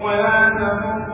ولا تكن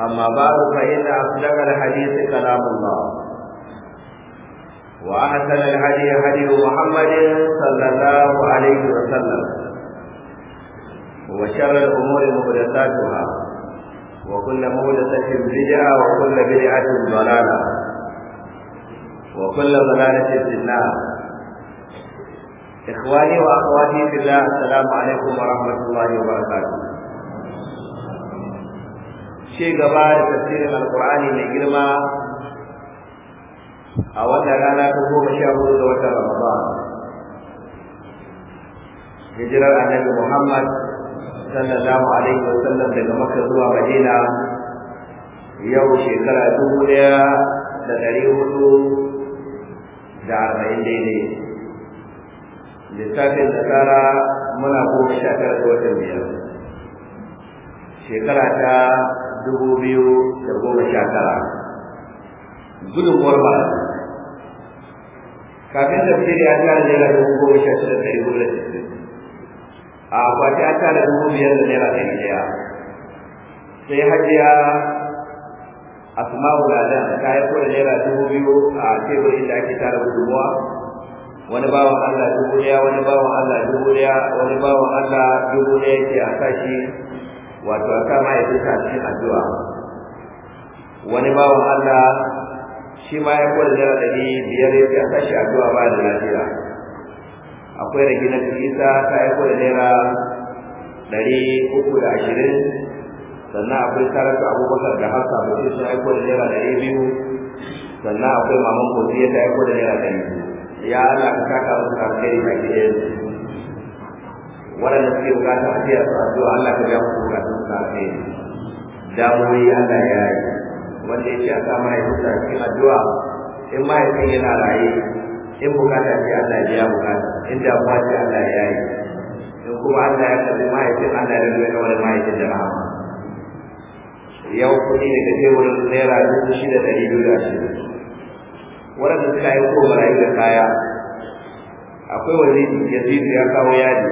أما بعد فإن أصدق الحديث كلام الله وأحسن الهدي هدي محمد صلى الله عليه وسلم وشر الأمور محدثاتها وكل محدثة بدعة وكل بدعة ضلالة وكل ضلالة في النار إخواني وأخواتي في الله السلام عليكم ورحمة الله وبركاته ce gaba da tafsirin alkur'ani mai girma a wannan rana ta goma sha hudu da watan ramadan hijirar annabi muhammad sallallahu alaihi wa sallam daga makka zuwa madina yau shekara dubu daya da dari hudu da arba'in daidai lissafin nasara muna goma sha tara da watan biyar shekara ta dubu biyu da goma sha tara gudunmuwar ba kafin tafsiri ya tara naira dubu goma sha shida ɗari hudu da sittin a akwati an tara dubu biyar da naira ɗari ɗaya sai hajiya asma'u ladan ta haifo da naira dubu biyu a teburin da ake tara gudunmuwa wani bawan Allah dubu ɗaya wani bawan Allah dubu ɗaya wani bawan Allah dubu ɗaya ke a sashi wato a sa mahaifinsa a cikin addu'a wani bawan Allah shi ma ya kwada jira ɗari biyar ya sa shi addu'a ba da lafiya akwai rahina isa ta yi kwada naira ɗari uku da ashirin sannan akwai sarrafa abubakar da hafsa mutum sun aiko da naira ɗari biyu sannan akwai maman kotu ya ta aiko da naira ɗari ya Allah ka saka musu alkhairi baki ɗaya waɗanda suke bukatar a tiyar su addu'a Allah ka biya musu bukatun su kai damuwoyi Allah ya yi wanda ya ce a sa mahaifinsa a cikin addu'a in mahaifin yana raye in bukata ce Allah ya biya bukata in damuwa ce Allah ya yi in kuma Allah ya kalli mahaifin Allah ya rubuta wani mahaifin da rahama yau kuɗi daga teburin naira dubu shida ɗari biyu da ashirin waɗanda suka yi ko marayu da kaya akwai wani yanzu ya kawo yadi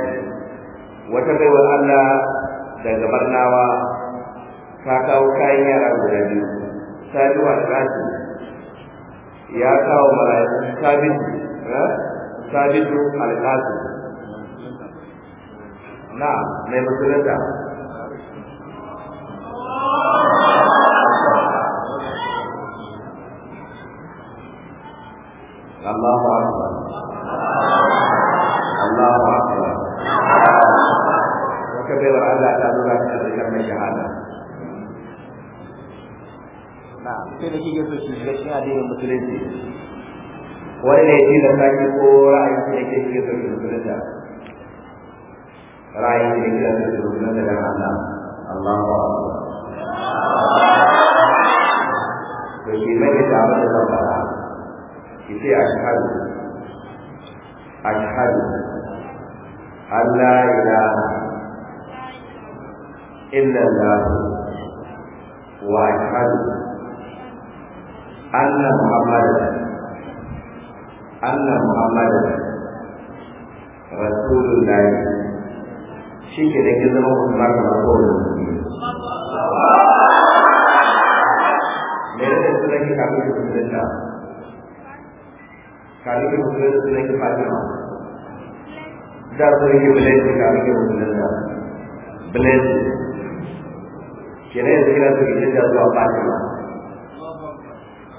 wata baiwar Allah daga barnawa ta kawo kayan yara guda biyu saduwa da rasu ya kawo marayu sabitu sabitu alƙasu na mai musulunta Allahu na shahada na sai da kike so shi ga cikin addinin musulunci wani ne shi da sake ko shi da kike so musulunta ra'ayin shi da kike so musulunta da Allah Allahu akbar to shi mai da abin da zan fara ki ce ashhadu ashhadu Allah ya. إن الله واحد أن محمد أن محمد رسول الله شيك لك إذا ما رسول الله لذلك كم يكون kami kemudian sudah kepada Allah. Dan beri kebelian kami kemudian Allah. Belian. kenan yanzu kina so ki canja zuwa fatima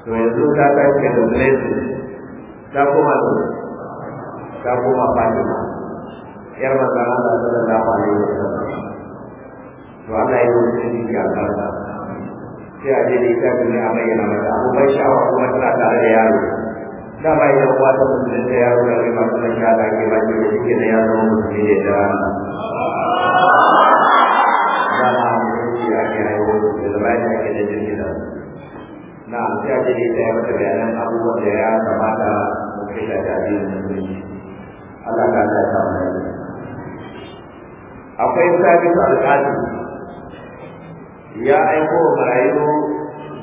to yanzu ta ta yi da blessing ta koma to ta koma fatima yar manzon Allah sallallahu alaihi wasallam to Allah ya yi shi ga barka sai a je da ita ne a bayyana mata abubuwan sha'awa kuma tana tare da yaro da ba ya kuwa ta mutum da yaro da kai masu mashaɗa ke ba ke da yaro mutum da ya baya da ake da jirgin nan na sai a jirgin da ya bayanan abubuwan da ya kamata mu kai da jami'in musulunci Allah ka ta samu akwai alƙali ya aiko marayu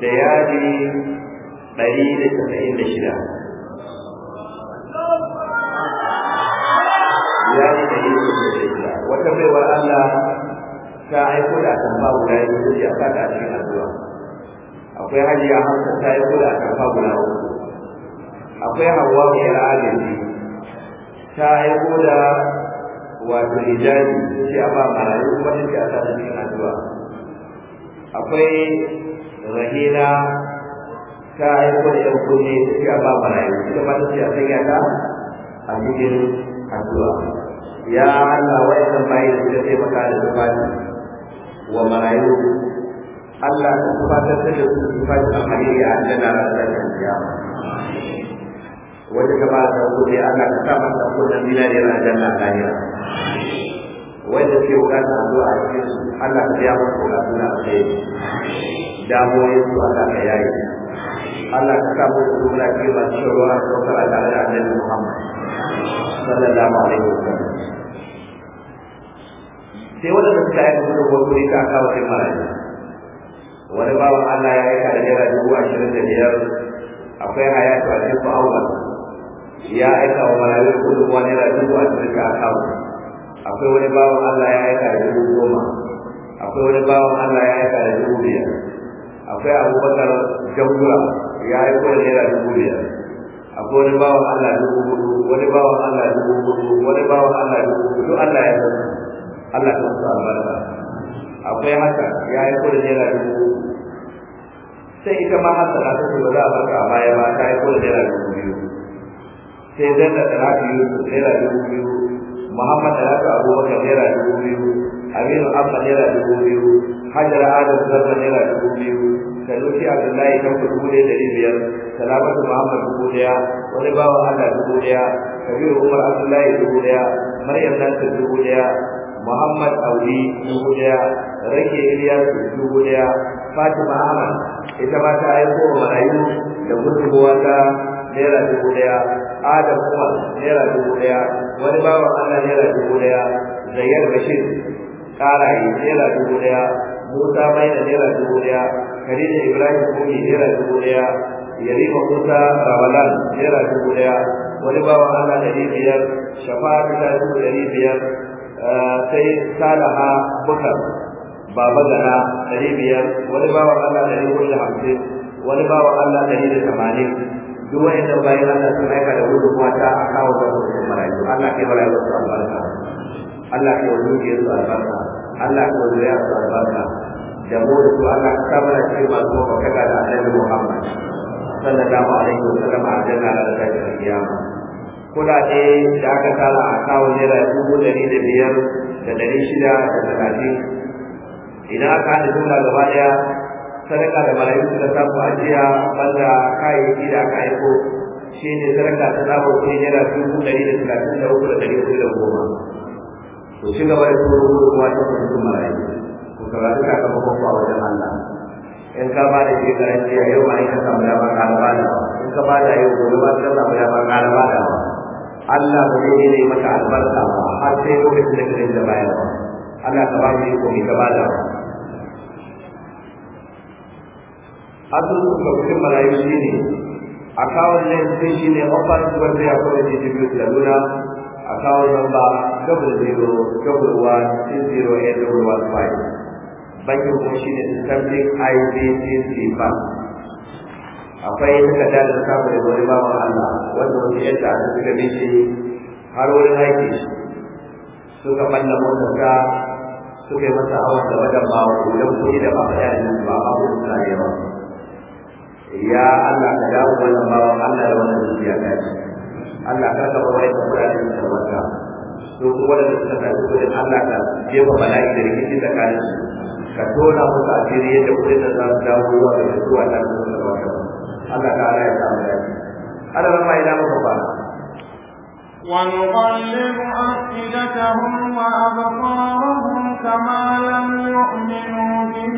da yadi ɗari da casa'in da shida Ya ɗari da yi da shida wata baiwa Allah ta aiko da atamfa guda ya yi a saka cikin addu'a akwai hajiya ta aiko da atamfa guda uku akwai hawa mai yar agaji ta aiko da wato hijabi ce a ba marayu kuma a akwai rahila ta aiko da yar kome take a ba marayu ita ma take a sanya ta a cikin addu'a ya Allah wa'annan da suka taimaka da wa marayu Allah kuma kubatar da su sifati alheri a aljanna a ranar kiyama wata gaba da kuɗi Allah ka sa masa kuɗin miliyar aljanna a lahira wanda ke bukata a zuwa a cikin su Allah ka biya masa bukatu na alheri damuwoyin su Allah ka yaye Allah ka sa masa jumla ke masu shawara da kawar da Annabi Muhammad sallallahu alaihi wasallam sai waɗanda suka aika suka wato ita a kawo sai marayu wani bawan Allah ya aika da naira dubu ashirin da biyar akwai hayatu a cikin fa'awar ya aika wa marayu kudin wani naira dubu ashirin da kawo akwai wani bawan Allah ya aika da dubu goma akwai wani bawan Allah ya aika da dubu biyar akwai abubakar jangura ya aiko da naira dubu biyar akwai wani bawan Allah dubu hudu wani bawan Allah dubu hudu wani bawan Allah dubu hudu Allah ya Allah ya musu albarka akwai haka ya yi kodin naira dubu sai ita ma hasana ta ba za a baka a baya ba ta yi kodin naira dubu biyu sai zan da talatu yusuf naira dubu biyu muhammad talatu abubakar naira dubu biyu aminu amma naira dubu biyu hajjar adam zarra naira dubu biyu Sanusi Abdullahi kan dubu ɗaya ɗari biyar, Salamatu Muhammad dubu ɗaya, wani bawa Allah dubu ɗaya, Kabiru Umar Abdullahi dubu ɗaya, Maryam Nasir dubu ɗaya, Muhammad Audi dubu ɗaya, Rake Ilyas dubu ɗaya, Fatima Ahmad ita ma ta aiko wa marayu da gudunmuwa ta naira dubu ɗaya, Adam Umar naira dubu ɗaya, wani bawa Allah naira dubu ɗaya, Zayyar Bashir ƙaraye naira dubu ɗaya, Musa Maina naira dubu ɗaya, Khadija Ibrahim Kuni Naira dubu ɗaya, Yarima Musa Ramalan Naira dubu ɗaya, wani bawa Allah ɗari biyar, Shafa'a ta dubu ɗari biyar, eh, sai Salaha Bukar Baba Gana ɗari biyar, wani bawa Allah ɗari hudu da hamsin, wani bawa Allah ɗari da tamanin. Duk wa'inda bayan Allah sun aika da gudunmuwa ta a kawo da mutum marayu, Allah ke marayu su albarka. Allah ke wa dukiyar su albarka. Allah ke wa zuriya su albarka. da mu da su Allah ka mana cikin da annabi Muhammad sallallahu alaihi wa a janna da tashin kiyama kuɗaɗe da aka tara a kawun naira dubu ɗari da biyar da ɗari shida da talatin idan aka haɗa jumla gaba ɗaya sadaka da malayu suka samu ajiya banda kayayyaki da aka aiko shi ne sadaka ta samun kuɗi naira dubu ɗari da talatin da uku da ɗari hudu da goma to ci gaba da turo kuma ta kuɗin marayu saurari sakamakon ba wajen Allah in ka ba da shekaran jiya yau ma ka samu damar ƙaraba da in ka ba da yau gobe ma ka samu damar ƙaraba da Allah ba zai yi maka albarka ba har sai lokacin da ka dinga bayarwa Allah ka ba mu iko mai ka ba da shi ne akawun nan sun shi ne ofis wanda ya kuma da nan ba double zero double bankin kuma shi ne islamic ibtc ba. akwai takarda da samu da wani babu allah wanda wani yadda a suka bi shi har wurin aiki suka balla motarsa suka yi masa awon da wajen bawa idan kuɗi da ba faɗa da ba ba ku suna da yawa ya allah ka dawo wannan bawan allah da wannan dukiya ta ce allah ka taɓa wani da kuɗaɗen da wata su kuma da suka tafi da allah ka jefa bala'i da rikici tsakanin su ka tona musu asiri yadda kudin da za su dawo zuwa ga zuwa ta su da wata Allah ta ala ya samu dace Allah ba ina muka fara ونقلب أفئدتهم وأبصارهم كما لم يؤمنوا به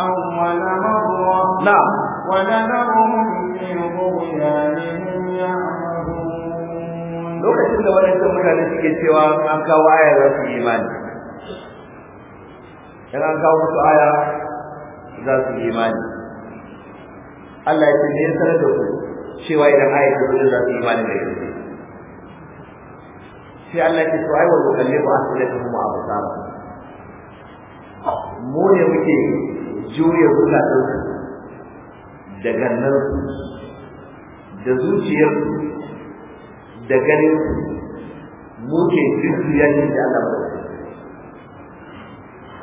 أول مرة نعم ونذرهم في طغيانهم يعمهون لو كنت لو أنت مكانك كنت أنك وآية في إيمانك in an kawo musu aya za su yi imani Allah ya ce ne sanar da ku cewa idan aya ta zo za su yi imani da yanzu sai Allah ya ce to ai wa yukallimu da absar mu ne muke juya zukatansu da gannan da zuciyar da ganin muke jujjuya ne da Allah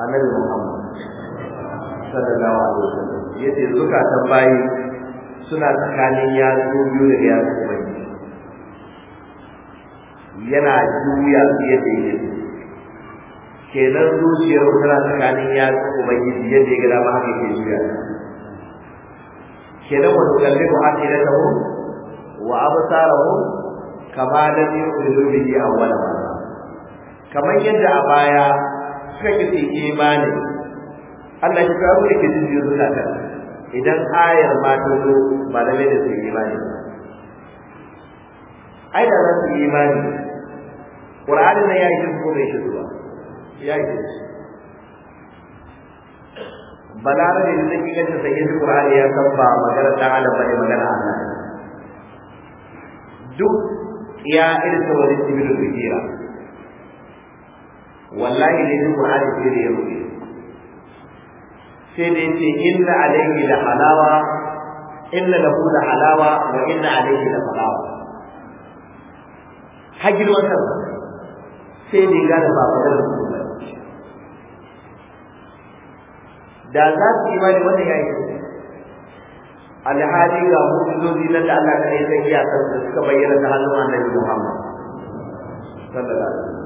annabi Muhammad sallallahu alaihi wasallam yace zukatan bayi suna tsakanin yatsu biyu da yatsu bayi. yana juya fiye da yake kenan zuciyar tana tsakanin yatsu ubangiji yadda ya gada ba haka ke juya kenan wani kalli ba ake da tawo wa absarahu kama da yukhrijul a awwala kamar yadda a baya suka ki su imani Allah ya kawo da ke jijiyar kan, idan ayar ma ta zo ba lalle da su imani ba ai da za su imani Qur'anin nan ya yi ko bai shi ba ya yi shi balarabe da zai ganta sai yin Qur'ani ya san ba magana ta Allah bane magana Allah duk ya irsa wani sibiru kira wallahi ne duk Qur'ani sai da ya rufe sai da yace inna alayhi la halawa inna lahu la halawa wa inna alayhi la halawa hajjin wannan sai da ga ba magana da za su yi wani wannan yayi alhali ga mu'jizozi nan da Allah kai sai ya san suka bayyana ta hannun Annabi Muhammad sallallahu alaihi wasallam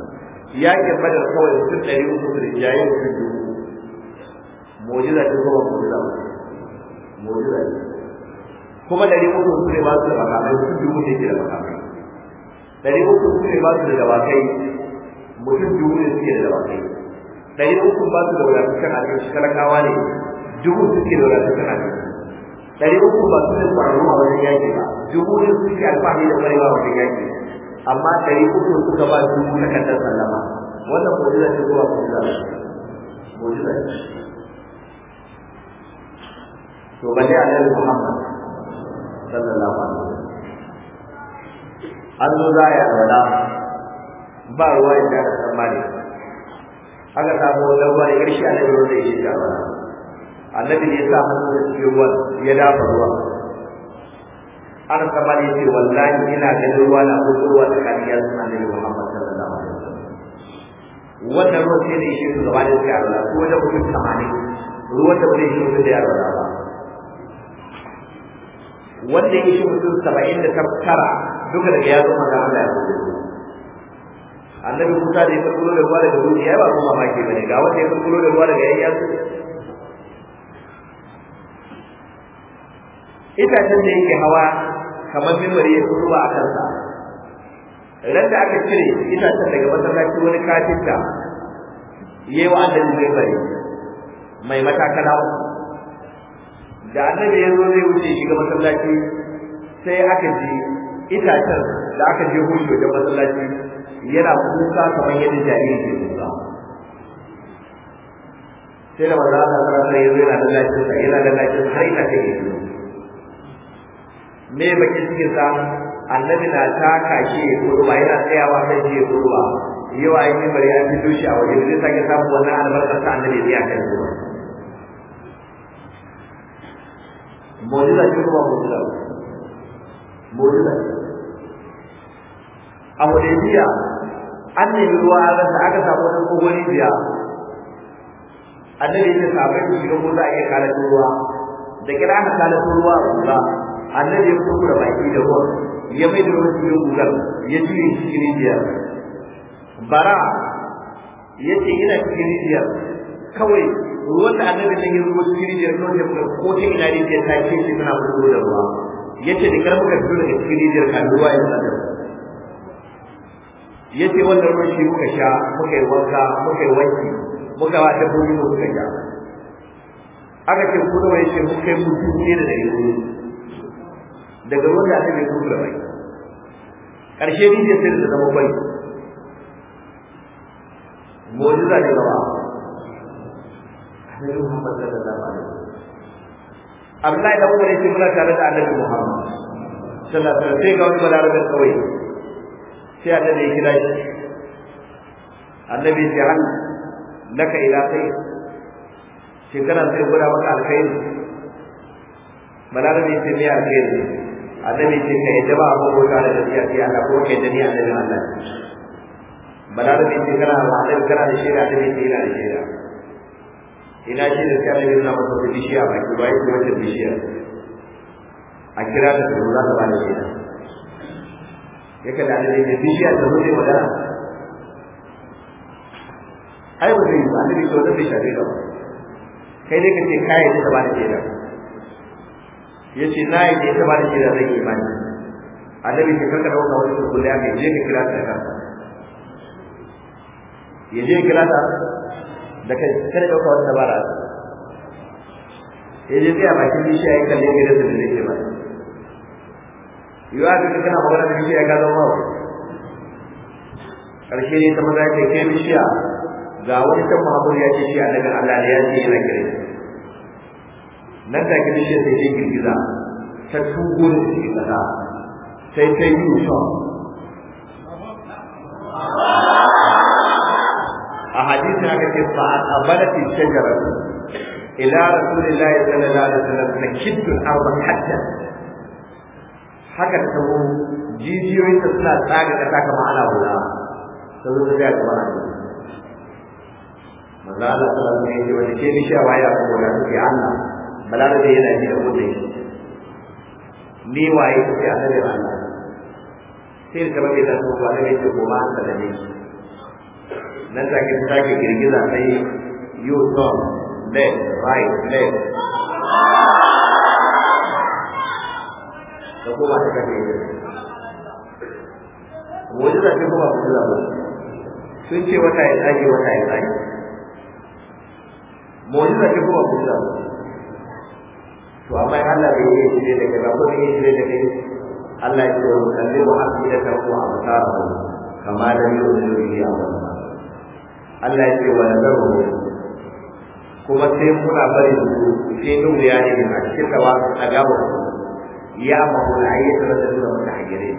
yakin badar kawai mutum ɗari uku da jaye mutum dubu mu'jiza ce kuma mu'jiza mu'jiza ce kuma ɗari uku su ne ba su da makamai mutum dubu ne ke da makamai ɗari uku su ne ba su da dawakai mutum dubu ne suke da dawakai ɗari uku ba su da wadatattun abinci talakawa ne dubu suke da wadatattun abinci ɗari uku ba da ƙwararru a wajen yaƙi ba dubu ne suke alfahari da ƙwarewa a wajen yaƙi amma ɗari uku suka ba su takardar sallama wannan mu'jiza ce zuwa mu'jiza mu'jiza to ba dai annabi Muhammad sallallahu alaihi wasallam an zo za a yi ba ruwa inda aka aka samu wannan ruwa ne ƙarshe annabi ruwa zai yi shi annabi ne ya sa hannu cikin ruwan ya dafa ruwa har kama ne ce wallahi ina ganin ruwa na kusurwa da kariyar sunanin Muhammad sallallahu alaihi wasallam wannan ruwa sai da shi gaba da suka yarda ko da mutum tamanin ruwan da bai shi mutum da yarda ba wanda ya shi mutum saba'in da tara duka daga yatsun manzon Allah ya kusurwa annabi Musa da ya farko da ruwa daga duniya ba kuma mamaki bane ga wanda ya farko da ruwa daga yatsun itacen da yake hawa kamar mimari ya fito ba a kansa idan da aka cire itacen daga masallaci wani kafinta ya yi wa annabi mimari mai matakala da annabi ya zo zai wuce shiga masallaci sai aka ji itacen da aka je hudu da masallaci yana kuka kamar yadda jariri ke kuka sai da maza ta sarrafa ya zo yana lallacin sa yana lallacin har ina kai ya me baki cikin sa annabi na taka shi ya kurba yana tsayawa sai shi ya kurba yau a yi mimbari an fito shi a waje da zai sake samun wannan albarkar sa annabi zai akan shi mu'jiza ce kuma mu'jiza mu'jiza a hudaybiya an nemi ruwa a rasa aka samu wani kogoni biya annabi ya ce sabai su shiga ko za a iya kalatin ruwa da kira aka kalatin ruwa a annabi ya fito da baki da ruwan ya mai da ruwan cikin gugar ya juye cikin rijiyar bara ya ce ina cikin rijiyar kawai ruwan da annabi ta yi ruwa cikin rijiyar kawai ya ko ta ina rijiyar ta ce shi tana fito da ruwa ya ce da karfi ka fito daga cikin rijiyar ka ruwa ya tsada ya ce wannan ruwan shi muka sha muka yi wanka muka yi wanki muka ba wa dabbobi muka sha aka ce kuma ya ce muka yi mutum ne da dari daga ruwan da annabi ya da bai karshe ne sai da zama bai mu'jiza ne ba annabi Muhammad sallallahu alaihi wasallam Abdullahi da Umar yake muna tare da annabi Muhammad sallallahu alaihi wasallam sai ga wani balarabe kawai sai annabi ya kira shi annabi ya ce an laka ila kai shekara sai gwada maka alkhairi balarabe ya ce me alkhairi annabi ce ka yadda ba abu bauta da gaskiya sai Allah ko ka yadda ni annabi Allah balarabi ce kana da kana da shaida annabi ce yana da shaida ina shi da sai annabi na masa da bishiya ba ki bai ko wata bishiya a kira da su za ta ba da yake da annabi ne bishiya da mu ne ai wani annabi to da bishiya da kai ne kace kai da ba da ya na yadda ya ba da kira zai imani annabi ke karka da wata wani kulle ya je ka kira ta kanka ya je kira ta da kai kada da wata dabara ya je tsaya bakin shi ya kalle gida su da zai ba yiwa da kana magana da shi ya ga zama wa karshe ne ta maza ke kai bishiya ga wani can mahabur ya ce shi a daga Allah ne ya ce yana kire nan da ke bishiyar sai ta girgiza ta tugo da suke kasa sai ta yi mutum a hadisin aka ce fa a balati shajarar ila rasulillahi sallallahu alaihi wasallam sakittu arba hatta haka ta tabo jijiyoyin ta suna tsaga kasa kama ana hula ta zo ta ga gaba manzo Allah sallallahu alaihi wasallam ya ce wani ke bishiya waya ko wani ke Allah balarabe yana ji da kudin ni waye sai annabi Allah sai kamar bai taso ba ne ce ko ma da ne nan take take girgiza sai you turn left right left da kuma ta kace wani da ke kuma kula ba sun ce wata ya tsage wata ya tsage mu'jiza ce kuma kula to amma Allah bai yi shi da kai ba ko bai yi shi da kai Allah ya ce wa kallimu afidata wa absarahu kama da yuzu bihi amma Allah ya ce wa nazaru kuma sai kuna bari su sai nun ya ne a cikin tawa a gaba ya ma hulaye da da da mata hajire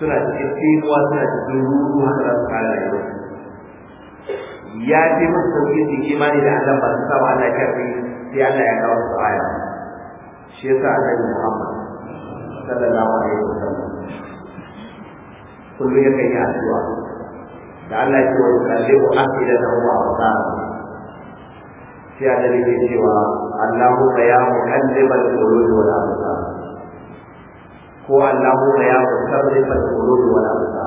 suna cikin tsinuwa suna cikin ruhu haka da su kare ya ce musu sauƙin jiki imani da Allah ba su saba Allah ya karbi sai Allah ya kawo su shi yasa annabi Muhammad sallallahu alaihi wasallam kullum yakan yi addu'a da Allah ya ce wa yukallimu afidatan wa absara sai annabi ke cewa Allahumma ya muqallibal qulubi wal absar ko Allahumma ya musarrifal qulubi wal ya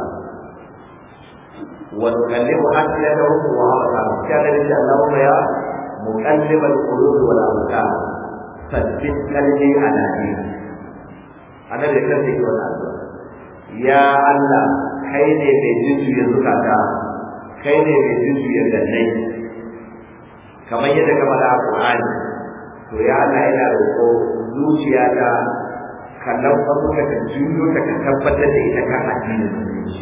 وتكلموا أسئلتهم وأبصارهم كان لله اللهم يا مقلب القلوب والأبصار sabbin kalbi a Najeriya nan da kansa yake wannan addu'a ya Allah kai ne mai jujjuya zukata kai ne mai jujjuya gannai kamar yadda ka faɗa a Qur'ani to ya Allah ina roƙo zuciyata kallon lafafu ka ta juyo ta ka tabbatar da ita kan addinin musulunci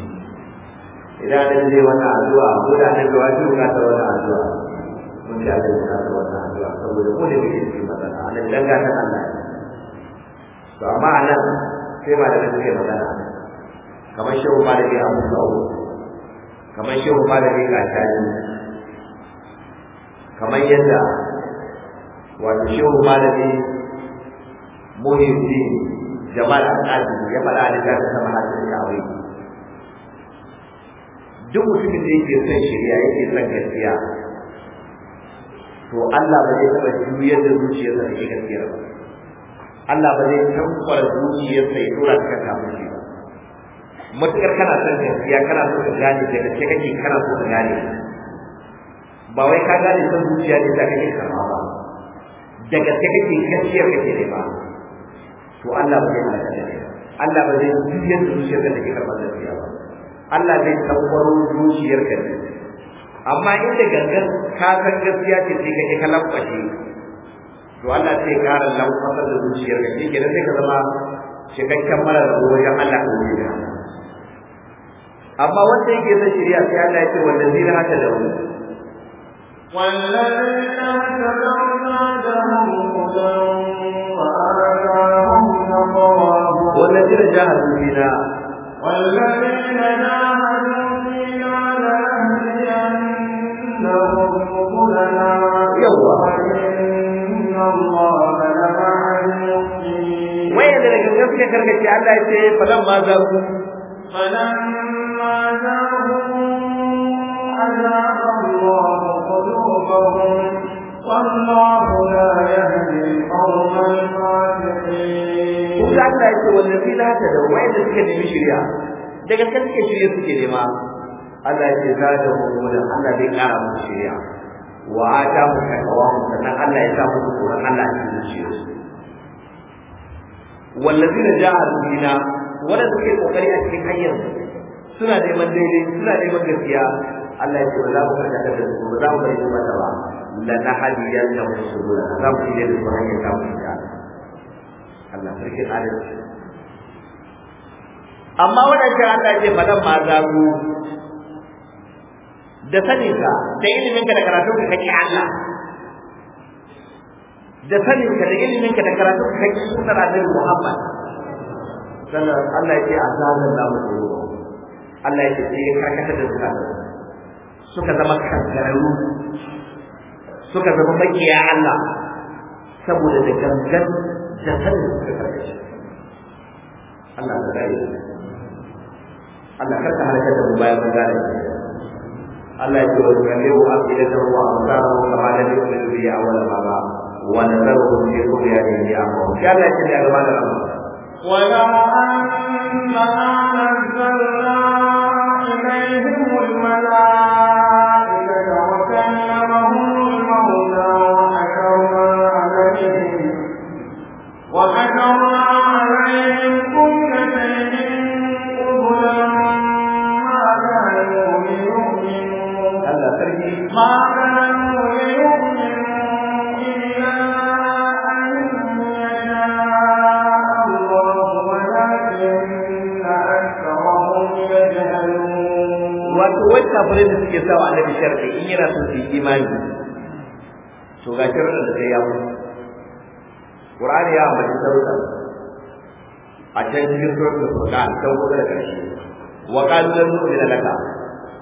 idan da zai wannan addu'a ko da annabi wajibi ka ta wannan addu'a wanda aka yi nasa wannan ko da yake cikin matsala anan danga ta Allah to amma anan sai ma da suke kamar shehu malami Abu Sa'ud kamar yadda wato shehu malami Muhyiddin Jamal Al-Qasim ya faɗa a duk mutumin da yake son shirya yake son gaskiya to Allah ba zai taɓa juyar da zuciyarsa da gaskiyar ba Allah ba zai tankwara zuciyarsa ya tura ta kan ba matuƙar kana son gaskiya kana so ka gane da gaske kake kana so ka gane ba wai ka gane son zuciya ne da kake karɓa ba da gaske kake gaskiyar kake ne ba to Allah ba zai halaka da Allah ba zai juyar da zuciyarka da kake karɓar gaskiya ba Allah zai tankwaro zuciyarka ne amma da gangan ka san gaskiya ce sai ka ka lambashe to Allah sai ƙara lambasar da zuciyar ka shi kenan sai ka zama cikakken mara da wajen Allah ko ne amma wanda yake da shirya sai Allah ya ce wanda zira haka da wani والذين جاهدوا فينا والذين جاهدوا فينا yawa da daga gaske karkace Allah ya ce falan ma za ku Allah ya ce da wayan da suka nemi shirya suke suke nema Allah ya ce za ta hukunan Allah zai kara musu shari'a wa ta mu kakawa mu sannan Allah ya sa musu tsoron Allah a cikin zuciyarsu da jihar bina wanda suke kokari a cikin hanyar suna neman daidai suna neman gaskiya Allah ya ce ba za mu da su ba za mu bari su mata ba la nahadiyan da mu su gura za mu yi da su hanyar ta mu ta Allah sarkin adalci amma wadannan Allah ya ce madan ma za ku da sanin saninka da iliminka da karatunka kake Allah da sanin saninka da iliminka da ka kake sunar annabi Muhammad sannan Allah ya ce a zanen namu tsoro Allah ya ce sai ya karkata da suka suka zama kankararru suka zama makiya Allah saboda da gangan da sanin suka karkace Allah ya rayu Allah karka halaka da mu bayan mun gane Allah ya wajibalahu afidatahu wa amsahu kama lam yu'minu bihi awwal marra wa nazaruhu fi tughyanihim ya'mahun ya Allah ya daga mana rabu wa la anna anzalna ilayhim al-malaa suke sawa annabi sharadi in yana son su yi imani to ga da sai ya mutu Qur'ani ya ambaci sharuɗa a can cikin suratul Furqan can kusa da ƙarshe wa qalu lan nu'mina laka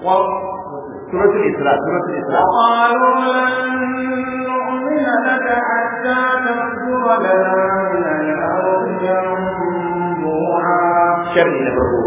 wa suratul Isra suratul Isra wa nu'mina laka hatta tafjura lana min al yanbu'a sharri na farko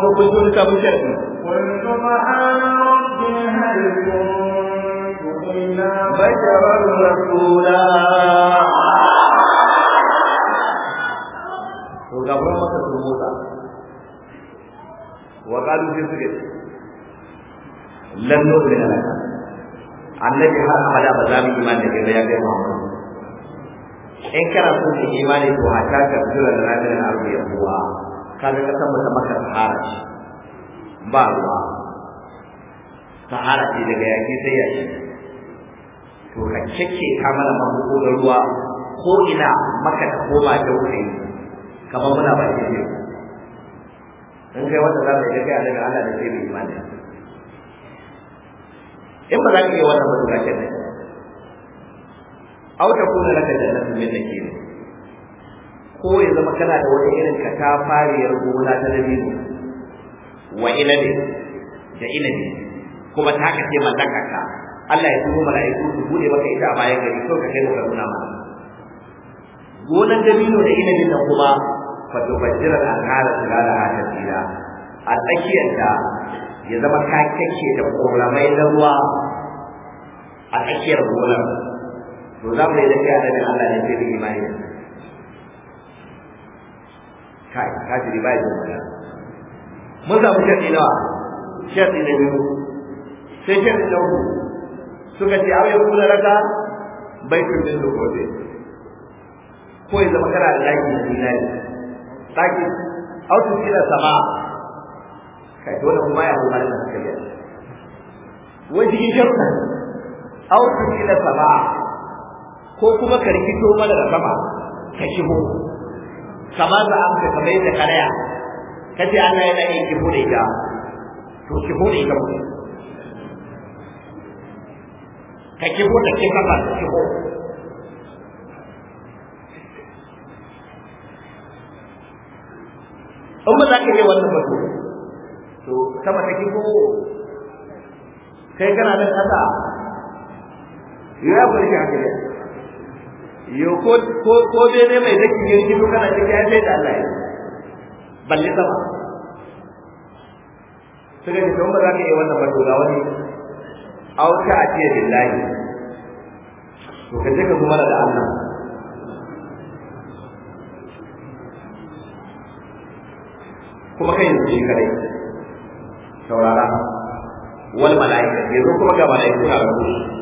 dokokin kafin shari'a kullum rabbi hal kuntum illa basharan rasula to gaban maka sun motsa wa qalu annabi har abada ba za mu imani da kai ya kai in kana so ka imani to a ta kafira da ranar arziya kuwa kaga ka tabbata maka sahara ce ba ruwa sahara ce daga yaƙi sai ya yaƙi to ka kyakke ka mana mabuko da ruwa ko ina maka ta koma da wuce kamar muna ba ke ne in kai wata za ka yi kai daga Allah da zai bi imani in ba za ka yi wata ka to ka kyakke na ta kuna laka jannatu ke ne ko ya zama kana da wani irin ka ta fariyar gona ta dabino wa inabi da inabi kuma ta kace mallaka ka Allah ya tuba mala'iku su bude maka ita a bayan gari to ka kai maka nuna ma gonan dabino da inabi da kuma fa tubajjira al-anhara tilala hadira a tsakiyar da ya zama ka kake da kuramai na ruwa a tsakiyar gonar to za mu yi da kai a Allah ne sai da imani kai kafiri ya da magana mun samu shaɗi nawa shaɗi na biyu sai shaɗi na uku suka ce a yau kula raka bai kudin da kote ko ya zama kana da ɗaki na dinari ɗaki autu kila sama kai dole kuma ya kuma da kariya wani cikin sharuɗa autu kila sama ko kuma ka to mana da sama ka shi shigo kamar da an amsa ka bai da karaya ka ce Allah yana ki bude ga to ki bude ga ka ki bude ki kafa ki ho? in ba za yi wannan batu to sama ta kiko kai kana da kada ya burge hankali yo ko ko ko dai ne mai zaki ne shi kana cikin ya sai da Allah ya balle sama sai ne kuma za ka yi wannan barko ga wani auka a ce billahi to ka je ka kuma da Allah kuma kai yanzu shi kadai saurara wal mala'ika yanzu kuma ga mala'iku na rubutu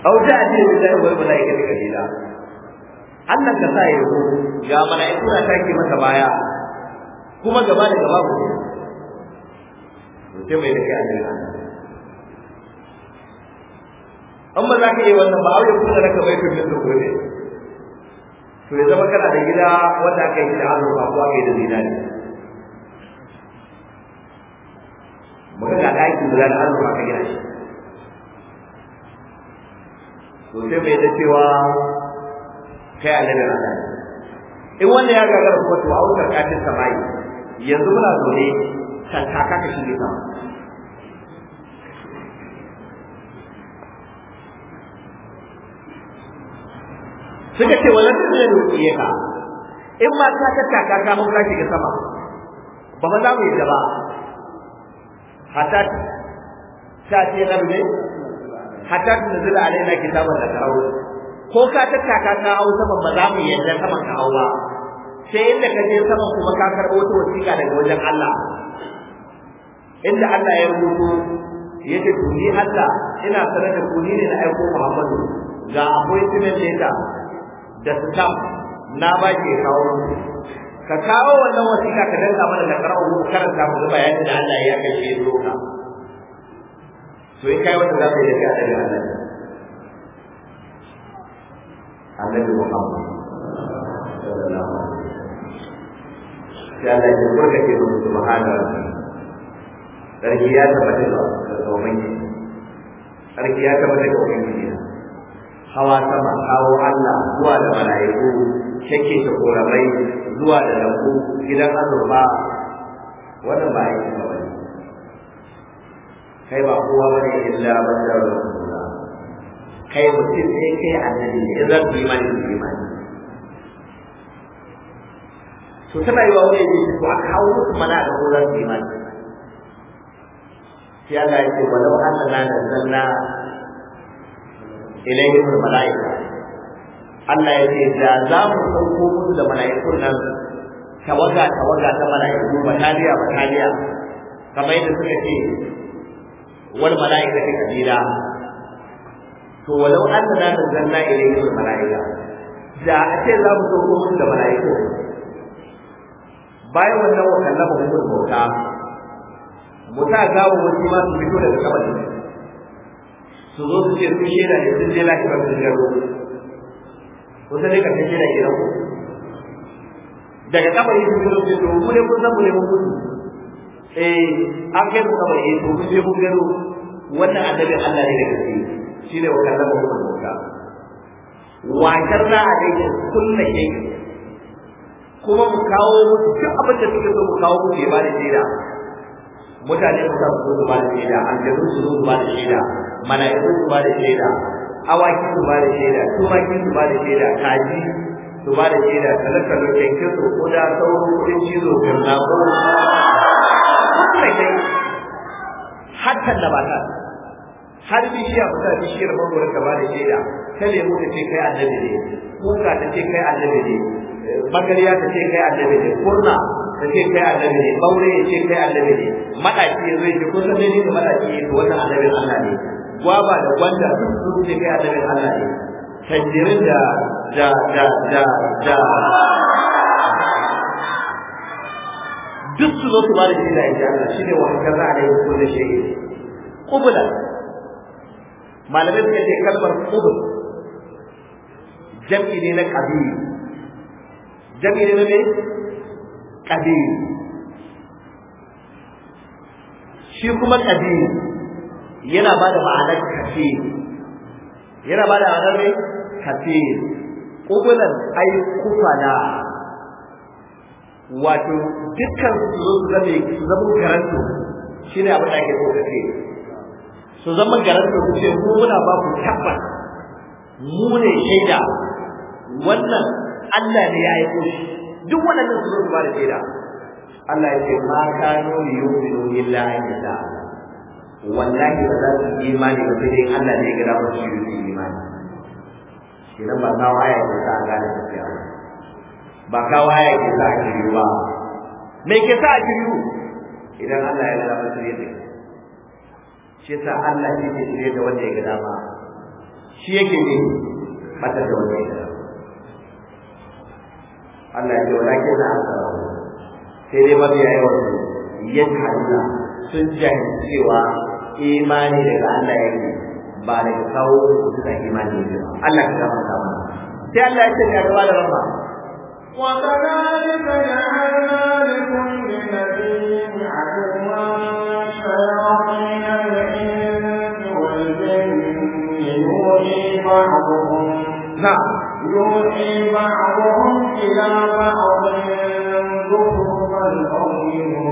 aw ta ce Allah ka sa yau Ya mana na take masa baya kuma gaba da gaba ku sai mai take Allah amma za ka yi wannan ba kuma kuma da to ya zama kana da gida wanda aka yi da azurfa ko aka yi da zinari maka ga ɗaki guda da azurfa ka gina shi to sai bai da cewa kai annabi Allah in wanda ya gagara kuma to a wutar kafin samayi yanzu muna zaune kan kaka ka shige sama suka ce wani wala da nufi ya ka in ma ta ka kaka ka mun ka shiga sama ba ba za mu yi da ba hatta ta ce na rabbi hatta tunzila alaina kitaban da kawo ko ka tattaka ka hau sama ba za mu yarda sama ka hau ba sai inda ka je saman kuma ka karbo wata wasiƙa daga wajen Allah inda Allah ya rubuto ya ce Allah ina sanar da kuni ne na aiko Muhammadu ga appointment letter da stamp na ba ke kawo ka kawo wannan wasiƙa ka danka mana da karɓo karanta mu bayanin da Allah ya kai shi doka to in kai wanda za da yi da kai a daga annabi annabi Muhammad sallallahu alaihi wasallam sai Allah ya barkake mu subhanahu wa ta'ala sarki ya tabbata ta tsoman ki sarki ya tabbata da ubangiji hawa sama hawo Allah zuwa da mala'iku shake da koramai zuwa da lambu gidan azurfa wannan ba yake ba kai ba kowa ba ne illa bashar rasulullah kai mutum ne kai annabi ne zan ku imani ku imani to tana yi wa wani ne to a kawo musu mana da ko zan ku imani sai Allah ya ce da annana nazzalna ilayhim almalaika Allah ya ce da za mu sauko musu da mala'ikun nan tawaga tawaga ta mala'iku bataliya bataliya kamar yadda suka ce wal mala'ikati kabira to walau zan zanna ilayka al mala'ika da a ce za mu sauko su da mala'iku bayan wannan wa ba mu bauta mu ta gawo wasu ma su fito daga kabarin su zo su ce sun shaida ne sun je lafiya sun garo wasu ne ka shaida gidan ku daga kabarin su fito su ce to mu ne kun san mu ne mun mutu eh an kai ku kamar eh to je ku gano wannan annabi Allah ne da gaske shine wa kallama ku mota wa karra alayhi kullu shay kuma mu kawo musu duk abin da suke so mu kawo mu ya ba da shaida mutane su samu su ba da shaida aljanu su zo su ba da shaida mala'iku su ba da shaida awaki su ba da shaida tumaki su ba da shaida kaji su ba da shaida talakalo kyankyaso da sauro kudin cizo garnabo aka hatta da bata har bishiya ko ta bishiyar mangoro ka da shaida ta lemu ta ce kai annabi ne kuka ta ce kai annabi ne bagariya ta ce kai annabi ne kurna ta ce kai annabi ne baure ya ce kai annabi ne madaki ya zai ce kun san dai da madaki ya ce wannan annabin Allah ne gwaba da gwanda sun ce kai annabin Allah ne tanjirin da da da da da duk su zo su ba da shi da ya Allah shi ne wa za a yi ko da shi kubula malamai suka ce kalmar kubul jam'i ne na qabil jam'i ne na me qabil shi kuma qabil yana ba da ma'anar kafe yana ba da ma'anar kafe kubulan ai na. wato dukkan su zo su zame su zama garanto ne abin da ake so ka su zama garanto ku ce mu muna ba ku tabbas mu ne shaida wannan Allah ne ya yi shi duk wannan su zo su ba da shaida Allah ya ce ma kanu yu'minu billahi ta. wallahi ba za su yi imani ba sai dai Allah ne ya gada musu shi imani idan ba kawo aya ta gane gaskiya ba ba kawo haya ke sa a ba me ke sa a shiryu idan Allah ya gada masu ne shi sa Allah ya ke shirye da wanda ya gada ba shi yake ne mata da wanda ya gada Allah ya ce wala ke na sai dai mabiya yawan su yanka Allah sun jahilcewa imani daga Allah ya yake ba daga kawo su da imani ne Allah ka gama sai Allah ya ce ga gaba da rama وكذلك جعلنا لكل نبي عدوا شياطين الإنس والجن يوحي نعم. بعضهم إلى بعض زخرف الأرض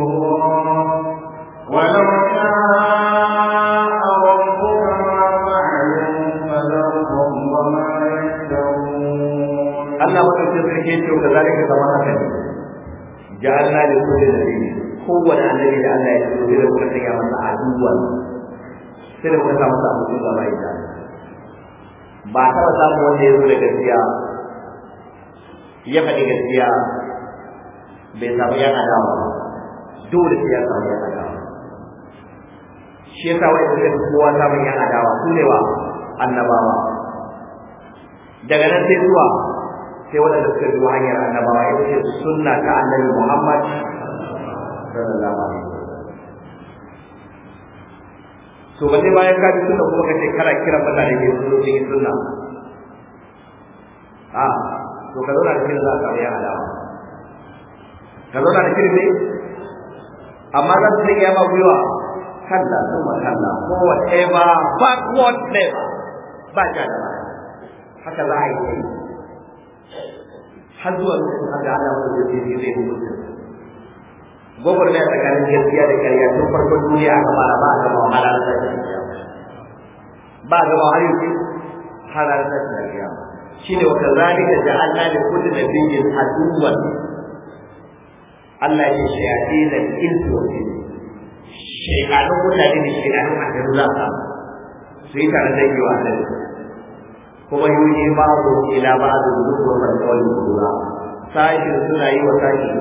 ya zama haka ne ja'alna li kulli nabiyyin kowanne annabi da Allah ya tsoro da kuma sanya masa aduwa sai da kuma masa abu da bai da ba ta ba samu wanda ya zo gaskiya ya faɗi gaskiya bai samu yana dawa dole sai ya samu yana dawa shi yasa wai da kowa samun yana dawa su ne wa annabawa daga nan sai zuwa sai waɗanda suka bi hanyar annabawa ce sunna ta annabi Muhammad sallallahu alaihi to ba sai bayan ka sunna kuma kace kana kiran mutane ne cikin sunna a ah, to ka zauna da kiran za ka yi halawa ka zauna da kiran ne amma za su rike ma gwiwa kalla kalla ko whatever ba da haka za a yi har zuwa lokacin har da Allah wanda zai zai zai hukunta gobar da tsakanin gaskiya da ƙarya tun farkon duniya aka fara ba a gama har an sa shi ba a gama har yanzu har an sa shi kiyama da wa kazalika ja'alna li kulli nabiyyin aduwwan Allah ya ce aqilan insu wa jinn shaytanu mutane ne shaytanu a da za su yi tare da kuma yuni ba'du ila ba'du zuwa kawai kula sashi suna yi wa sashi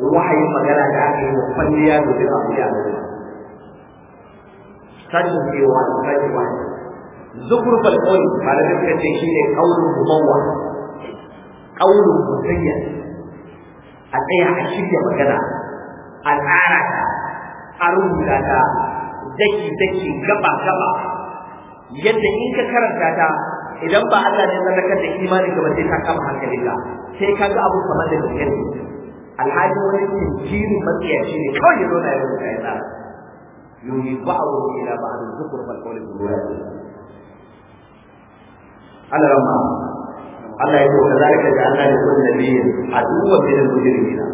wahayin magana da aka yi kwalliya domin abu ya zama sashi ke wa sashi wa zukur falkon ba da suka ce shi ne kaunin mubawa kaunin musayya a tsaya a shirya magana a tsara ta a rubuta ta daki daki gaba gaba yadda in ka karanta ta idan ba Allah ne zalakar da imani ka ba sai ka kama hankalinka sai ka ga abu kamar da gaske alhali wani tinkiri matsiyaci ne kawai ya na yau da ya tsara yuni wani ila ba'd zukur fal qawl zuwa Allah rama Allah ya ce kazalika da Allah ya kullu nabiyyin aduwa bil mujrimina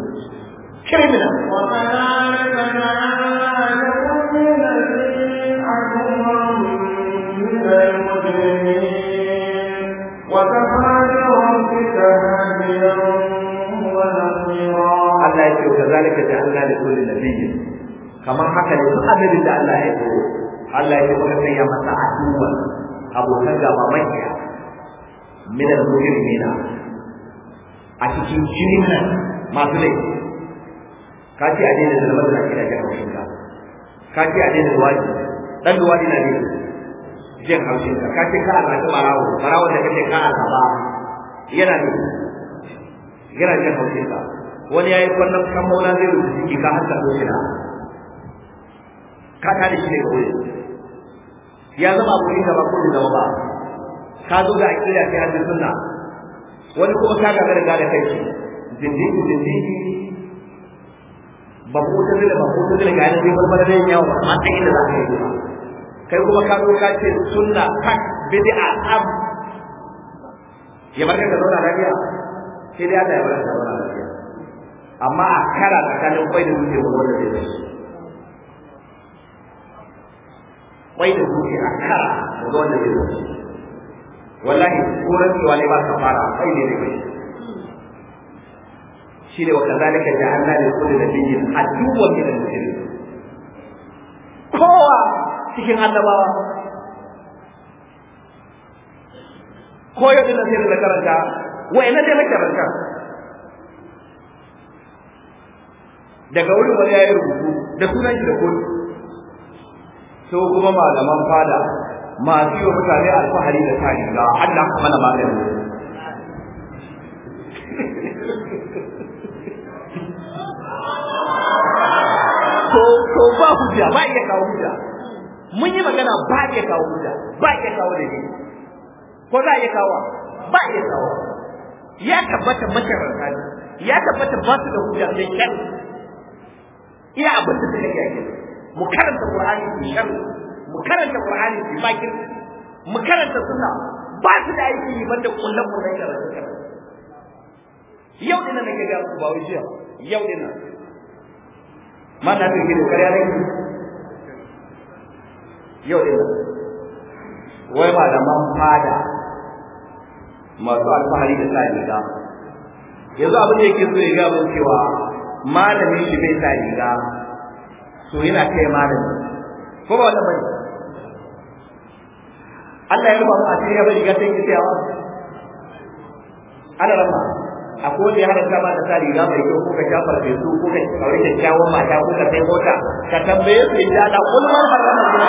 criminal wa kana Allah ya ce ka zane ka ji Allah da kulli kamar haka ne duk abin da Allah ya ce Allah ya ce ka sanya masa aduwa abokan gaba manya min al-mujrimina a cikin jinnan masu laifi ka ce a daina zama da kira da kawai ka ce a daina wajibi dan duwa ina ne jin haushin ka kace ka alaka barawo barawo da kace ka ba yana yana jin haushin ka wani yayi kwallon kan maula zai rubuta ciki ka hanta ko shi ka tare shi ne ya zama abokin gaba ko da ba ka zo ga akida sai hadin sunna wani kuma ka gagara ga da kai zindiki zindiki ba ko ta zai ba ko ta zai ga ne sai barbara ne yawa amma ta inda za ka yi kai kuma ka zo ka ce sunna pak bid'a ab ya barka ka zauna lafiya sai dai Allah ya barka ka zauna lafiya amma a kara tsakanin kwai da dutse ko wanda zai rashi kwai da dutse a kara ko wanda zai rashi wallahi kuran cewa ne ba ka fara kwai ne ne kai shi ne wa kazalika ja'alna da kulli nabiyyin aduwwan min al-muslimin kowa cikin annabawa ko yau ina sai da karanta wai na dai karanta daga wurin wani ya yi rubutu da sunan shi da kodi so kuma malaman fada masu yi mutane alfahari da tari ga Allah mana magani ko ko ba hujja ba iya kawo mun yi magana ba ya kawo hujja ba ya kawo da ni ko za ya kawo ba ya kawo ya tabbata masharanta ne ya tabbata ba su da hujja sai shan iya abin da suka yi mu karanta qur'ani bi shar mu karanta qur'ani bi bakir mu karanta sunna ba su da aiki yi banda kullum kullum da suka yau dinan nake ga ku ba wai jiya yau dinan ma da kake da kariya ne yau ɗin wai malaman fada masu alfahari da sa riga yanzu abin da yake so ya gaba cewa malamin shi bai sa riga to yana kai malami ko ba wannan Allah ya rubuta a cikin ya bai riga sai ki tsayawa ana rama a ko da ya haramta ba da sa riga mai kyau ko ka sha farfesu ko ka aure kyakkyawan mata ko ka sai mota ka tambaye su in da kullum harama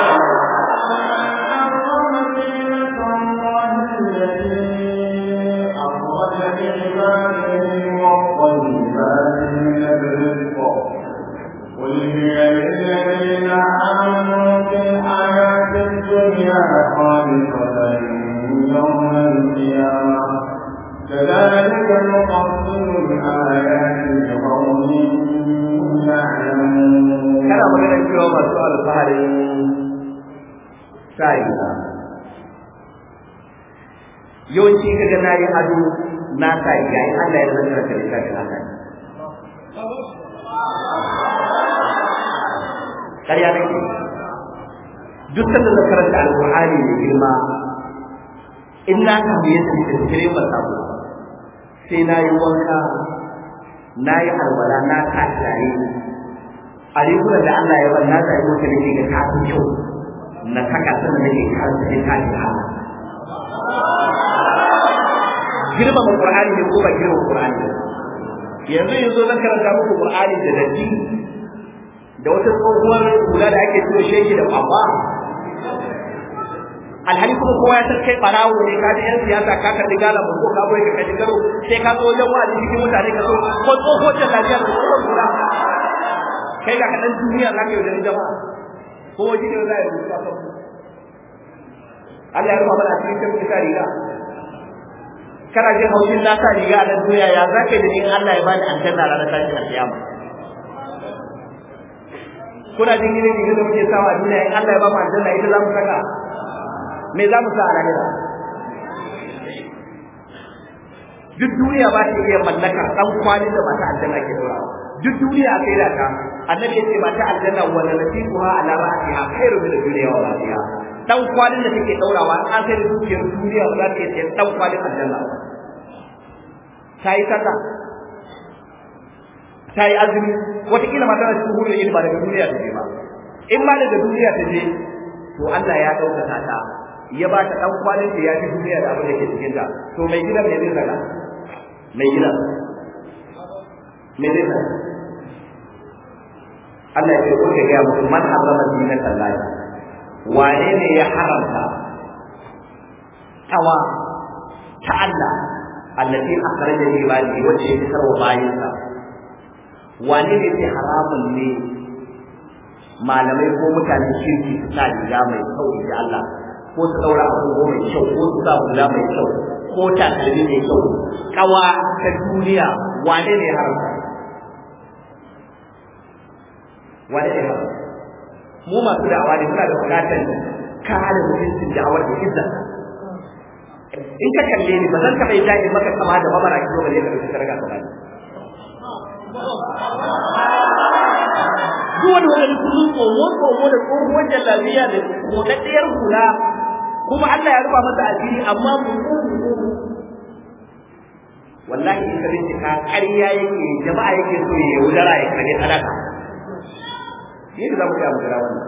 الدنيا خالصة يوم القيامة كذلك نفصل الآيات لقوم يعلمون كان مجرد cewa masu alfaharin sa'ida yawanci ka ga nayi ado na sa'ida in Allah ya zama da littafin Allah ƙarya ne duk sanda na karanta alƙur'ani mai girma sai na yi wanka na yi alwala na tashi a rikunan da Allah ya ban na zaɓi wata ne ga kafin kyau na saka sanar nake kafin sai yi hana girmama Qur'ani ne ko ba girmama Qur'ani yanzu yanzu zan karanta muku Qur'ani da dadi da wata tsohuwar kula da ake cewa sheki da baba alhali kuma kowa ya san kai barawo ne ka ji yan siyasa ka karbi gala mu ko ka boye ka kaji garo sai ka zo wajen wa'azi cikin mutane ka zo ko tsoho ta ya ko ko da. kai ga kadan duniya za ka yi wajen jama'a ko wajen da za a yi rubuta kan Allah ya rufa mana cikin kan kisa riga kana jin haushin na sa riga na duniya ya za ka yi da ni Allah ya bani aljanna ranar tashin alkiyama kuna jin gidan riga da muke sawa a duniya in Allah ya ba mu aljanna ita za mu saka me za mu sa a lahira duk duniya ba ta iya mallaka dan kwalin da mata aljanna ke dora duk duniya a kai da ta annabi ya ce mata aljanna wala nasibuha ala ra'siha khairu min dunya wa ra'siha dan kwalin da take daurawa an sai dukiyar duniya za ta iya dan kwalin aljanna ta yi sai ta yi azumi wataƙila mata da cikin hurin ba daga duniya ta je ba in ma da duniya ta je to Allah ya ta ta ya ba ta dan kwalin da ya fi duniya da abin da ke cikin ta to mai gidan ne zai zaga mai gidan mai zai zaga Allah ya ce ko ka ga mutum man harrama dinan Allah wane ne ya haramta tawa ta Allah allati akhraja li ibadihi wace ne fitar wa bayinsa wane ne ce haramun ne malamai ko mutane shirki suna riga mai sauki da Allah ko ta daura agogo mai kyau ko ta sa hula mai kyau ko ta kalli mai kyau kawa ta duniya wane ne haramta wane ne haramta mu masu da'awa ne muna da bukatar kare mutuncin da'awar da izza in ka kalle ni ba zan taɓa yi daɗin maka sama da mamara ki ba ne ka rubuta raga ba duk wani wani kullum tsohon tsoho da tsohuwar jallabiya da moɗaɗɗiyar hula kuma Allah ya rufa masa asiri amma mu wallahi in ka bincika ƙarya yake jama'a yake so ya wudara ya kare sadaka ne za mu ga mutara wannan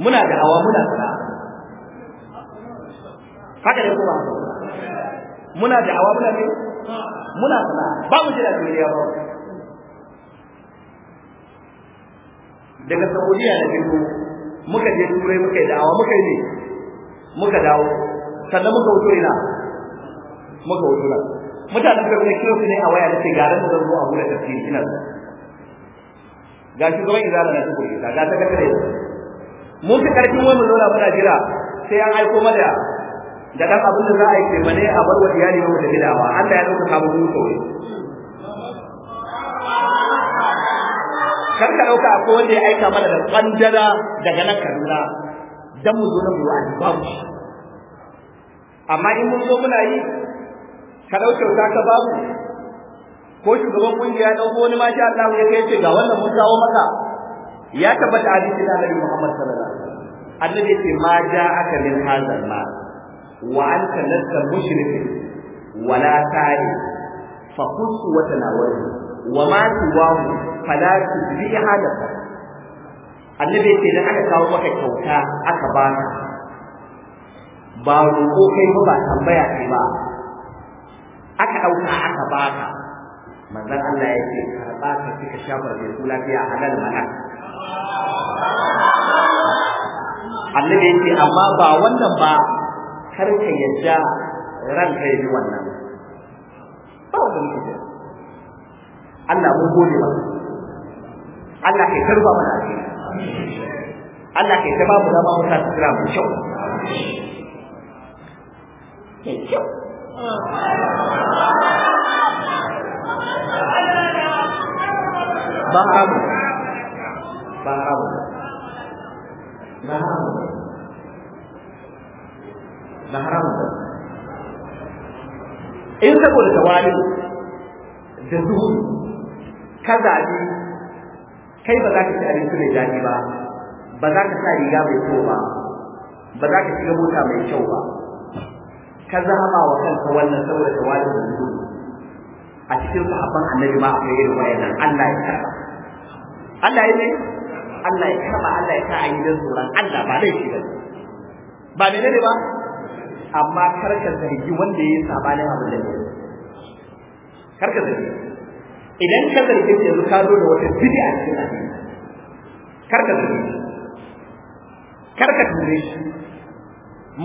muna da hawa muna da haka ne kuma muna da hawa muna ne muna da ba mu jira ya ba daga Saudiya da Bigo muka je turai muka yi da'awa muka yi ne muka dawo sannan muka wuto ina muka wuto nan mutanen da kuma kiro ne a waya da ce garin da zo a da tafsiri ina zuwa ga shugaban izala na tukuri ga ta kakare mun fi karfin wani lola muna jira sai an aiko mada da dan abin da za a yi taimane a bar wata iyali mu da gidawa Allah ya dauka mu mu to kar ka dauka akwai wanda ya aika mana da kwandala daga nan Kaduna dan mu zo na mu wa'azi babu shi amma in mun zo muna yi ka dauke kyauta ka babu ko shugaban kungiya ya dauko wani ma sha Allah ya kai ce ga wannan mun kawo maka ya tabbata hadisi da Annabi Muhammad sallallahu alaihi wasallam annabi ce ma ja aka min hazal ma wa anta lasta mushrikin la ta'i fa khudh wa tanawal wa ma fa la tudri hadaka annabi ce da aka kawo maka kyauta aka ba ka ba roƙo kai ba ba tambaya kai ba aka ɗauka aka ba ka manzon Allah ya ce karɓa ka kika shafar da su lafiya halal mana annabi ya ce amma ba wannan ba kar ka yadda ran kai bi wannan ba wannan kike Allah mun gode maka Allah kai karba mana ake Allah ke ta babu dama mu sa sutura mu kyau mai kyau ba abu ba abu ba abu ba abu in saboda tawali da zuhu kazabi kai ba za ka ci abinci mai daɗi ba ba za ka sa riga mai kyau ba ba za ka shiga mota mai kyau ba ka zama wa kanka wannan saboda wani da a cikin sahabban annabi ma akwai irin wayannan Allah ya karba Allah ya ne Allah ya ba Allah ya sa a gidan tsoron Allah ba laifi ba ba ne ba amma karkar zargi wanda ya yi sabanin abin da ne karkar zargi idan ka zarge shi yanzu ka zo da wata bid'a a cikin addini kar ka zarge shi kar ka ture shi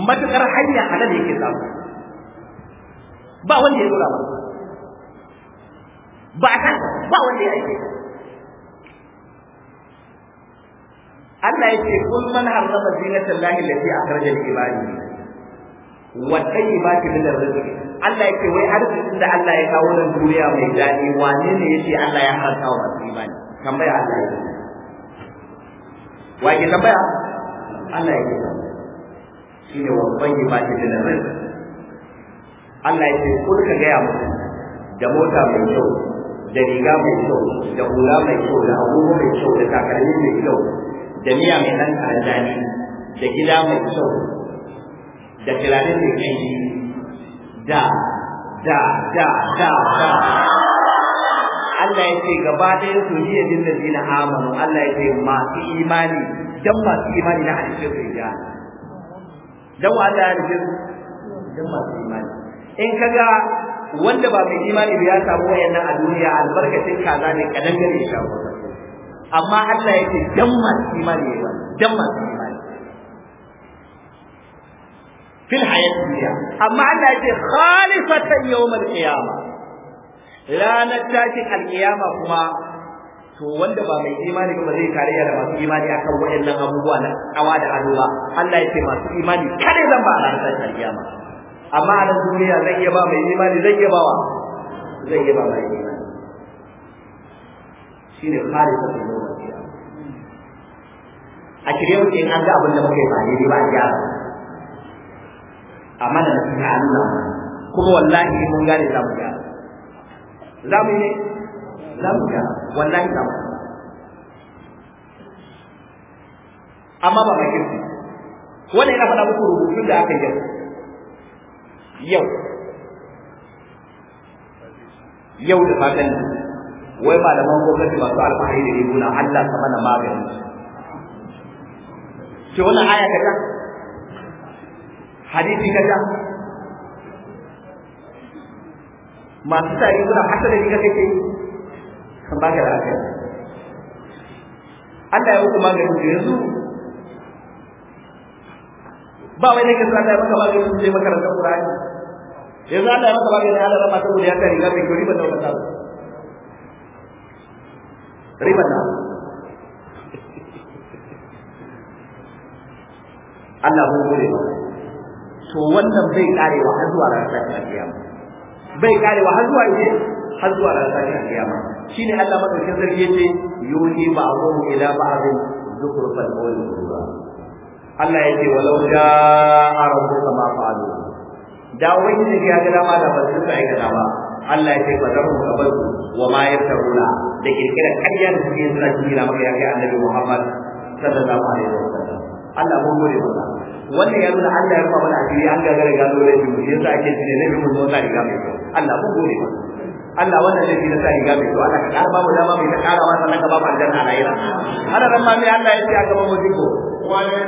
matuƙar hanya nan yake samu ba wanda ya zura ba ba kan ba wanda ya aike Allah ya ce kun man harrama zinatan lahi a karjar li ibadihi ba tayyibati da rizqi Allah yake wai arzikin da Allah ya kawo nan duniya mai dadi wane ne yake Allah ya harka wa masu imani tambaya Allah ya wa ke tambaya Allah ya ke shine ba tayyibati da rizqi Allah yake kun ka ga ya mu da mota mai kyau da riga mai kyau da hula mai kyau da abubuwa mai kyau da takalmi mai kyau da miya mai ɗan karan da gida mai kyau da filanin da yi da da da da da Allah ya ce gaba ɗaya su yi yadda da zina amanu Allah ya ce masu imani don masu imani na halittar su ya don wa Allah ya halittar don masu imani in kaga wanda ba mai imani ba ya samu wayannan a duniya albarkacin kaza ne kadan gare shi amma Allah ya ce don masu imani ne don masu imani fil hayat dunya amma Allah ya ce khalifatan yawmal qiyama ranar tashin alqiyama kuma to wanda ba mai imani ba zai kariya da masu imani akan waɗannan abubuwa na awa da ado ba Allah ya ce masu imani kada zan ba ranar tashin alqiyama amma a nan duniya zai yaba ba mai imani zai yaba bawa zai yaba ba mai imani shine khalifatan yawmal qiyama a shirye muke in an ga abin da muke ba ne ba a amma da suka nuna kuma wallahi mun gane za mu gyara za mu yi za mu gyara wallahi za mu amma ba mai kirki wanda yana faɗa muku rubutun da aka yi yau yau da fatan wai malaman gwamnati masu alfahari da riguna Allah sama na magani ce wannan aya ta hadisi kaza masu tare suna hasa da kika kake kan baka da lafiya Allah ya muku maganin da yanzu ba wai nake sa Allah ya maka maganin da makarantar Qur'ani yanzu Allah ya maka maganin Allah rama saboda ya ka riga mai riba da wannan riba na Allah mu gode to wannan bai karewa har zuwa ranar tashin kiyama bai karewa har zuwa yace har zuwa ranar tashin kiyama shine Allah madaukakin sarki yace yuhi ba'dhum ila ba'dhin zukhrufal qawli ghurura Allah yace walau ja'a rabbuka ma fa'alu da wani ne ya ga dama da bazin sai ga dama Allah ya ce bazaru ka bazu wa ma yaftaruna da kirkira ƙarya da suke suna jira maka ya kai annabi Muhammad sallallahu alaihi wasallam Allah mun gode maka wannan ya nuna Allah ya mana asiri an gagara gano da shi mutum yasa ake cire laifin mu zuwa riga mai kyau Allah mun gode Allah wannan laifi na sa riga mai kyau Allah ka ƙara ba dama mai ta ƙara masa na ka ba aljanna a rayuwa har ran ma mai Allah ya ce a gaban mu jiko wa la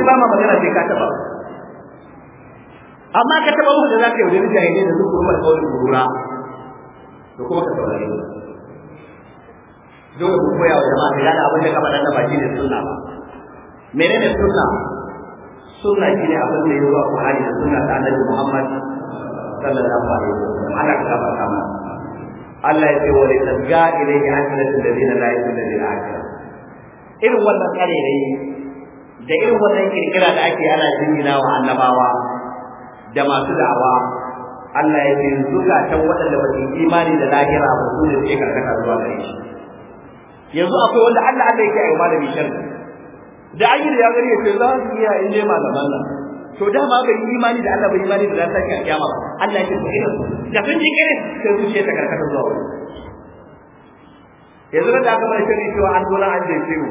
sai ba ma magana sai ka taba amma ka taba muku da za yi wajen jahilai da zuku kawai gurura da kuma ka saurare ni dole ku koya wa jama'a da abin da ka faɗa na baki ne sunna ba menene sunna sunna shine abin da a da sunna ta Annabi Muhammad sallallahu alaihi wasallam ana kama Allah ya ce wa ladina la yu'minuna bil akhirah irin wannan kare ne da irin wannan kirkira da ake ana jingina wa annabawa da masu da'awa Allah ya ce ta waɗanda ba su imani da lahira ba su ne suke karkata zuwa gare shi yanzu akwai wanda Allah Allah yake ayyuma da bishar da an yi da ya gari ya ce za su iya in je malaman nan to da ma ga imani da Allah bai imani da zata ke kiyama Allah ya ce da kun ji irin sai ce ta karkata zuwa wani yanzu da aka mai shi cewa an zo an je mu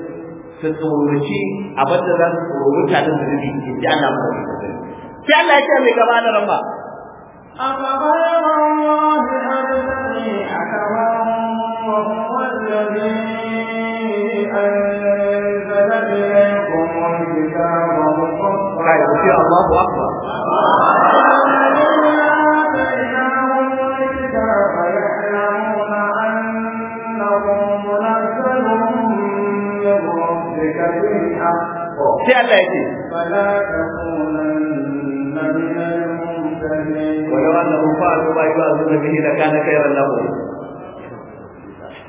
su tsoraci abin da za su tsoro da zai yi ji ana ba sai Allah ya ce mai gaba da ramba الله أكبر sai Allah ya ce fala takunanna min al-mumtahin wa law annahum fa'alu ma yu'azuna bihi lakana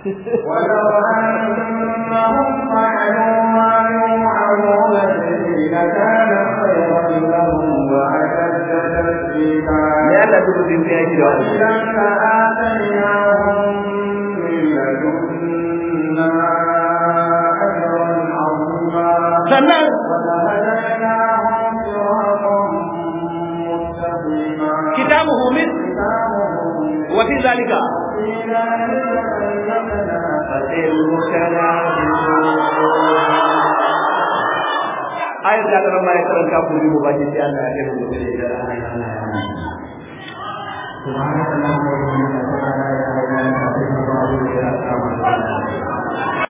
ولو أنهم فعلوا ما يوعظون به لكان خيرا لهم وأشد تثبيتا. لأن ayat da ran ma ya karanta ku ni ba ki sai Allah ya rubuta da ida subhanallahi wa bihamdihi